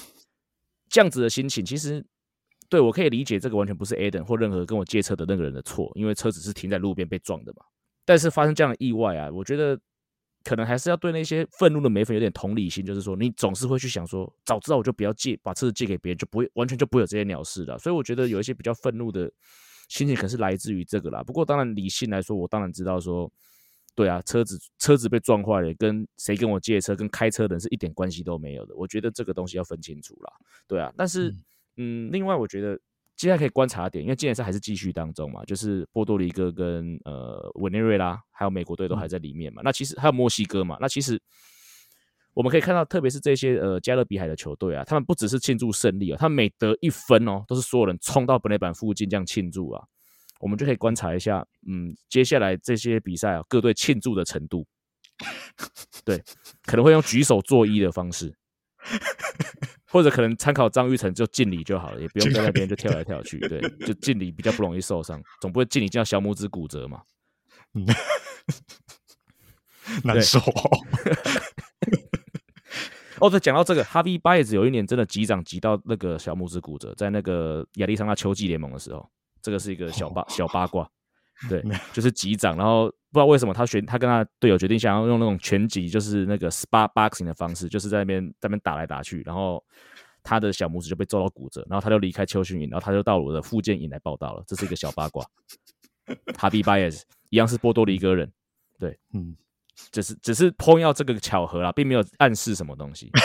這樣子的心情，其實對我可以理解。這個完全不是 Aden 或任何跟我借車的那個人的錯，因為車子是停在路邊被撞的嘛。但是發生這樣的意外啊，我覺得可能還是要對那些憤怒的美粉有點同理心，就是說你總是會去想說，早知道我就不要借，把車子借給別人，就不會完全就不會有這些鳥事了。所以我覺得有一些比較憤怒的心情，可能是來自於這個啦。不過當然，理性來說，我當然知道說。對啊，車子車子被撞壞了，跟誰跟我借車，跟開車的人是一點關係都沒有的。我覺得這個東西要分清楚了。對啊，但是嗯,嗯，另外我覺得接下來可以觀察一點，因為經典賽還是繼續當中嘛，就是波多黎各跟呃委內瑞拉還有美國隊都還在裡面嘛。嗯、那其實還有墨西哥嘛。那其實我們可以看到，特別是這些呃加勒比海的球隊啊，他們不只是慶祝勝利啊，他們每得一分哦，都是所有人衝到本壘板附近這樣慶祝啊。我們就可以觀察一下，嗯，接下來這些比賽啊，各隊慶祝的程度，對，可能會用舉手作揖的方式，或者可能參考張玉成就敬禮就好了，也不用在那邊就跳來跳去，對，就敬禮比較不容易受傷，總不會敬禮敬到小拇指骨折嘛，難受哦。對 [laughs] 哦，再講到這個，哈維·拜爾有一年真的擊掌擊到那個小拇指骨折，在那個亞利桑那秋季聯盟的時候。這個是一個小八小八卦，對，就是級長，然後不知道為什麼他選他跟他隊友決定想要用那種拳擊，就是那個 spa boxing 的方式，就是在那邊在那邊打來打去，然後他的小拇指就被揍到骨折，然後他就離開秋訓營，然後他就到我的復健營來報到了，這是一個小八卦。Habby Bias 一樣是波多黎各人，對，嗯，只是只是碰到這個巧合啦，並沒有暗示什麼東西。 [laughs]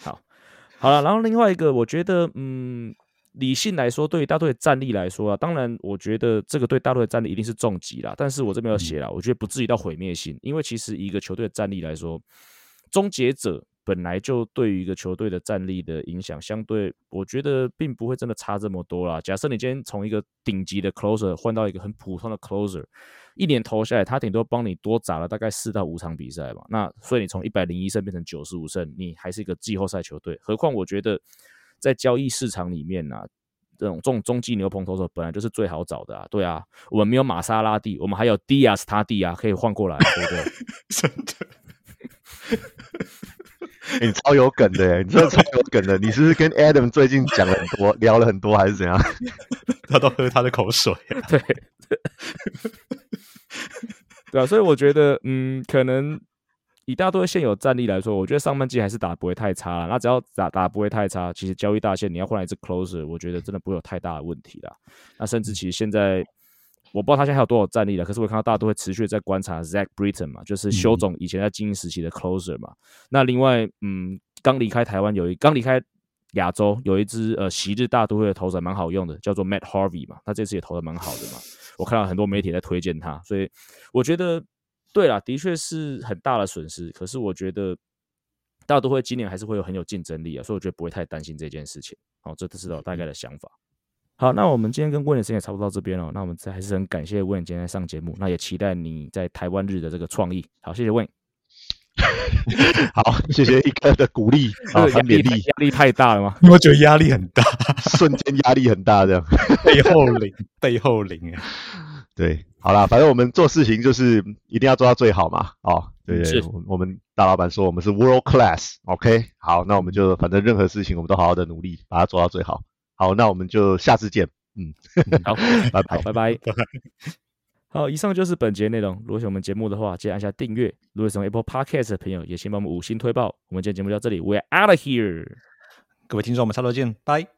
好好了，然後另外一個，我覺得，嗯。理性來說，對於大隊的戰力來說啊，當然我覺得這個對大隊的戰力一定是重擊啦。但是我這邊要寫啦，我覺得不至於到毀滅性，因為其實一個球隊的戰力來說，終結者本來就對於一個球隊的戰力的影響，相對我覺得並不會真的差這麼多啦。假設你今天從一個頂級的 closer 換到一個很普通的 closer，一年投下來，他頂多幫你多砸了大概四到五場比賽吧。那所以你從一百零一勝變成九十五勝，你還是一個季後賽球隊。何況我覺得。在交易市場裡面呢、啊，這種種中繼牛棚投手本來就是最好找的啊，對啊，我們沒有瑪莎拉蒂，我們還有 Diaz 他弟啊，可以換過來，對不對？ [laughs] 真的、 [laughs] 欸，你超有梗的，你真的超有梗的， [laughs] 你是不是跟 Adam 最近講了很多， [laughs] 聊了很多，還是怎樣？ [laughs] 他都喝他的口水、啊，對， [laughs] 對啊，所以我覺得，嗯，可能。以大都會現有戰力來說，我覺得上半季還是打得不會太差。那只要打打不會太差，其實交易大線你要換一支 closer，我覺得真的不會有太大的問題啦。那甚至其實現在我不知道他現在還有多少戰力了，可是我看到大都會持續在觀察 Zack Britton 嘛，就是修總以前在金鶯時期的 closer 嘛。嗯、那另外，嗯，剛離開台灣有一，剛離開亞洲有一支呃昔日大都會的投手蠻好用的，叫做 Matt Harvey 嘛。他這次也投的蠻好的嘛，我看到很多媒體在推薦他，所以我覺得。對啦，的確是很大的損失。可是我覺得大都會今年還是會有很有競爭力啊，所以我覺得不會太擔心這件事情。好、哦，這就是我大概的想法。好，那我們今天跟溫的時間也差不多到這邊了、哦。那我們還是很感謝溫今天來上節目，那也期待你在台灣日的這個創意。好，謝謝溫。 [laughs] 好，謝謝一哥的鼓勵啊，壓力，很給力，壓力太大了嗎？我覺得壓力很大， [laughs] 瞬間壓力很大的， [laughs] 背後靈，背後靈啊。對，好啦，反正我們做事情就是一定要做到最好嘛，哦，對，是我，我們大老板說我們是 world class，OK，okay？好，那我們就反正任何事情我們都好好的努力，把它做到最好，好，那我們就下次見，嗯， [laughs] 好，拜拜，拜拜，好，bye bye [laughs] 好，以上就是本節內容，如果喜歡我們節目的話，記得按下訂閱，如果喜歡 Apple Podcast 的朋友，也請幫我們五星推爆，我們今天節目就到這裡，we're out of here，各位聽眾，我們下周見，拜。